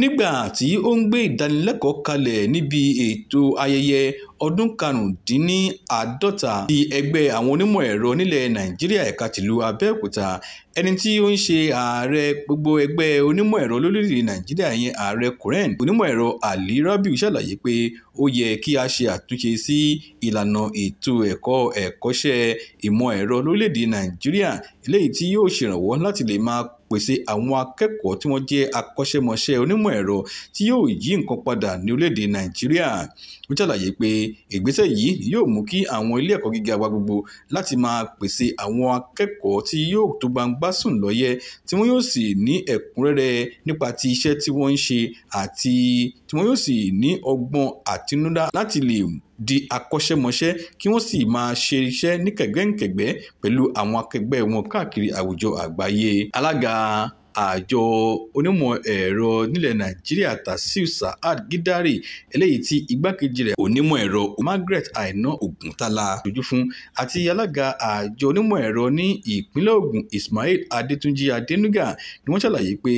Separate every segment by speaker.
Speaker 1: nígbà tí ó ń gbé ìdánilẹ́kọ̀ọ́ kalẹ̀ níbi ètò ayẹyẹ ọdún karùndínláàádọ́ta ti ẹgbẹ́ àwọn onímọ̀ ẹ̀rọ nílẹ̀ Nàìjíríà ẹ̀ka tìlú Abẹ́òkúta, ẹni tí ó ń ṣe ààrẹ gbogbo ẹgbẹ́ onímọ̀ ẹ̀rọ lórílẹ̀ Nàìjíríà ìyẹn Ààrẹ Current Onímọ̀ Ẹ̀rọ Ali Rabiu ṣàlàyé pé ó yẹ kí a ṣe àtúnṣe sí ìlànà ètò ẹ̀kọ́ ẹ̀kọ́ṣẹ́ ìmọ̀ ẹ̀rọ lórílẹ̀ Nàìjíríà eléyìí tí yóò ṣèrànwọ́ láti lè máa pèsè àwọn akẹ́kọ̀ọ́ tí wọ́n jẹ́ akọ́ṣẹ́mọṣẹ́ onímọ̀ ẹ̀rọ tí yóò yí nǹkan padà ní orílẹ̀-èdè nàìjíríà ó ṣàlàyé pé ìgbésẹ̀ yìí yóò mú kí àwọn ilé ẹ̀kọ́ gíga wa gbogbo láti máa pèsè àwọn akẹ́kọ̀ọ́ tí yóò tó gbangba sùn lọ́yẹ tí wọ́n yóò sì ní ẹ̀kúnrẹ́rẹ́ nípa ti iṣẹ́ tí wọ́n ń ṣe àti tí wọ́n yóò sì ní ọgbọ́n àtinúdá láti lè di akọ́ṣẹ́mọṣẹ́ kí wọ́n sì máa ṣe iṣẹ́ ní kẹ̀gbẹ́ǹkẹ̀gbẹ́ pẹ̀lú àwọn akẹgbẹ́ wọn káàkiri àwùjọ àgbáyé alága àjọ onímọ̀ ẹ̀rọ nílẹ̀ nàìjíríà tasiu saad gidari eléyìí tí igbákejì rẹ̀ onímọ̀ ẹ̀rọ margaret aina oguntala dojú fún àti alága àjọ onímọ̀ ẹ̀rọ ní ìpínlẹ̀ ogun ismail adetunji adenuga ni wọ́n ṣàlàyé pé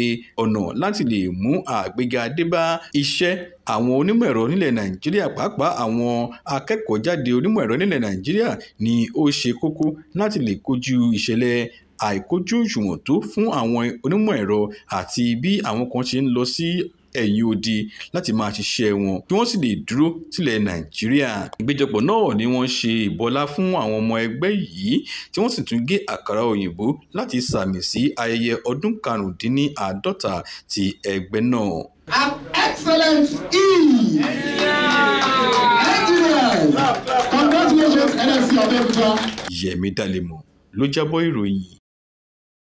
Speaker 1: ọ̀nà láti lè mú àgbéga dé bá iṣẹ́ àwọn onímọ̀ ẹ̀rọ nílẹ̀ nàìjíríà pàápàá àwọn akẹ́kọ̀ọ́ jáde onímọ̀ ẹ̀rọ nílẹ̀ nàìjíríà ni ó ṣe kókó láti lè kojú ìṣẹ̀lẹ̀ àìkójú òṣùwọ̀n tó fún àwọn onímọ̀ ẹ̀rọ àti bí àwọn kan ṣe ń lọ sí ẹ̀yìn odi láti máa ṣiṣẹ́ wọn kí wọ́n sì lè dúró sílẹ̀ nàìjíríà. ìgbẹ́jọpọ̀ náà ni wọ́n ṣe ìbọlá fún àwọn ọmọ ẹgbẹ́ yìí tí wọ́n sì tún gé àkàrà òyìnbó láti sàmì sí ayẹyẹ ọdún karùndínláàádọ́ta ti ẹgbẹ́ náà. an excellent eve. engineers congratulations nsc ọ̀dọ́ ìjọ. yẹmi dalemo ló jábọ̀ ìròyìn.